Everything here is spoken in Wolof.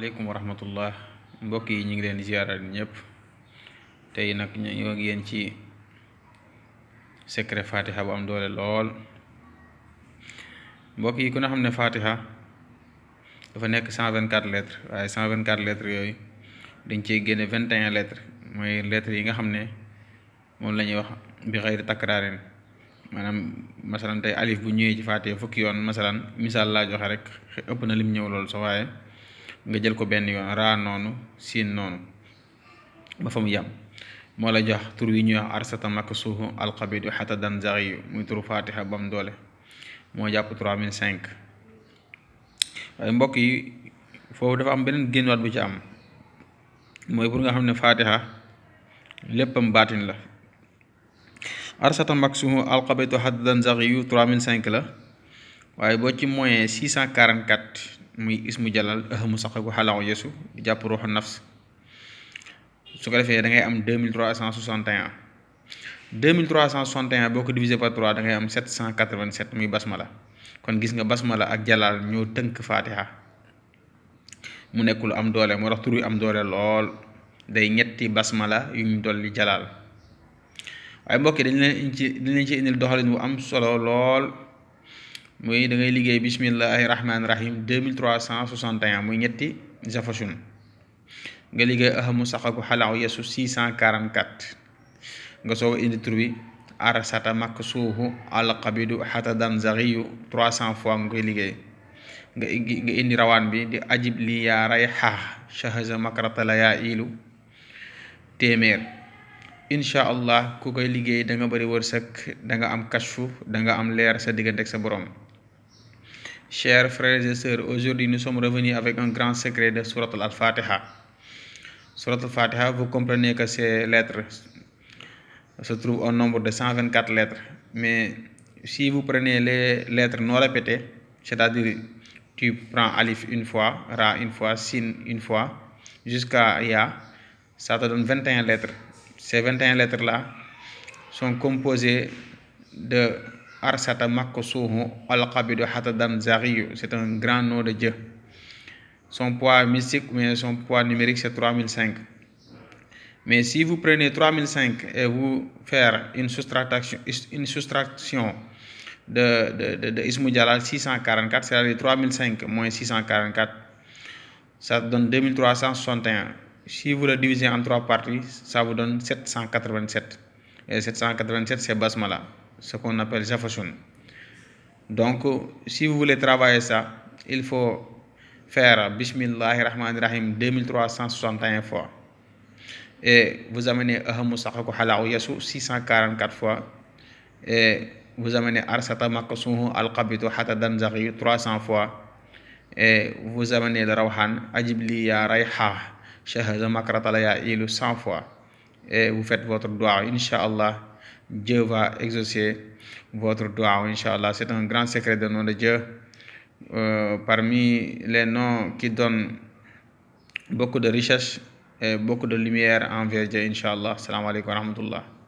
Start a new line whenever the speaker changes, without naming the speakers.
asalaamaaleykum wa rahmatullah mbokk yi ñu ngi leen di ziaral ñëpp tey nag ñoo ngi ci secret fatiha bu am doole lool mbokk yi ku na xam ne fatiha dafa nekk cent vingt quatre lettres waaye cent yooyu dañ cey génne vingt et un lettres mooy lettres yi nga xam ne moom la ñuy wax bi xëyri takraarin maanaam masalan tey alif bu ñëwee ci fatiha fukki yoon masalan misaal laa joxe rek ëpp na lim ñëw lool sa waaye nga jël ko benn yoon raa noonu siin noonu ba fa mu yem moo la jox tur wi ñuy wax arsata maksuhu alqabidu xata danzariyu muy turu fatiha bam doole moo jàpp trois mille cinq waaye mbokk yi foofu dafa am beneen génwaat bu ci am mooy pour nga xam ne fatiha léppam baatin la arsata maksuhu alqabidu xata yu trois mille cinq la waaye boo ci moyen six cent quarante-quatre muy ismu jalal ahmu saqa gu xalaw yesu di jàpp ruuxu nafs su ko defee da ngay am deux mille cent soixante et un deux mille trois boo ko divisé par trois da ngay am sept cent quatre vingt sept muy basmala kon gis nga la ak jalaal ñoo tënk fatiha mu nekk lu am doole moo tax tur yu am doole lool day ñetti basmala yu ñu dolli jalaal waaye mbokk yi dañ ci dañ leen ci indil doxalin bu am solo lool. muy da liggéey bismillahi rahmaani rahim deux mille trois cent soixante et un muy ñetti jafashun nga liggéey ahamu saxaku xalaaw yesu six cent nga soog a indi tur arasata makk suuhu alqabidu xatadan zaxiyu trois cent fois nga koy liggéey nga nga indi rawaan bi di ajib li yaa ray xaax shahaza makratala yaa ilu téeméer incha allah ku koy liggéey danga nga wërsëg da nga am kashfu da nga am leer sa diggante ak sa borom Chers frères et sœurs, aujourd'hui nous sommes revenus avec un grand secret de Surat al-Fatiha. Surat al-Fatiha, vous comprenez que ces lettres se trouvent au nombre de 124 lettres. Mais si vous prenez les lettres non répétées, c'est-à-dire tu prends alife une fois, Ra une fois, Sin une fois, jusqu'à Ya, ça te donne 21 lettres. Ces 21 lettres-là sont composées de arsata maksuhu al-qabidu hatadan zaghiyu c'est un grand nom de Dieu son poids mystique mais son poids numérique c'est 3005 mais si vous prenez 3005 et vous faire une soustraction une soustraction de de de, de Ismu Jalal 644 c'est-à-dire 3005 moins 644 ça donne 2361 si vous le divisez en trois parties ça vous donne 787 et 787 c'est basmala ce qu'on appelle jafashun. Donc, si vous voulez travailler ça, il faut faire Bismillahir Rahmanir Rahim 2361 fois. Et vous amenez Ahamu Sakhaku Halaou Yasu fois. Et vous amenez Arsata Makasuhu Al-Qabitu Hatadan Zaghi fois. Et vous amenez le Rawhan Ajibli Ya Raiha Shahaz Makratala Ya Ilu 100 fois. Et vous faites votre doigt, Inch'Allah. Dieu va exaucer votre dua, Inch'Allah. C'est un grand secret de nom de Dieu. Euh, parmi les non qui donnent beaucoup de richesse et beaucoup de lumière envers Dieu, Inch'Allah. Salam alaikum wa rahmatullah.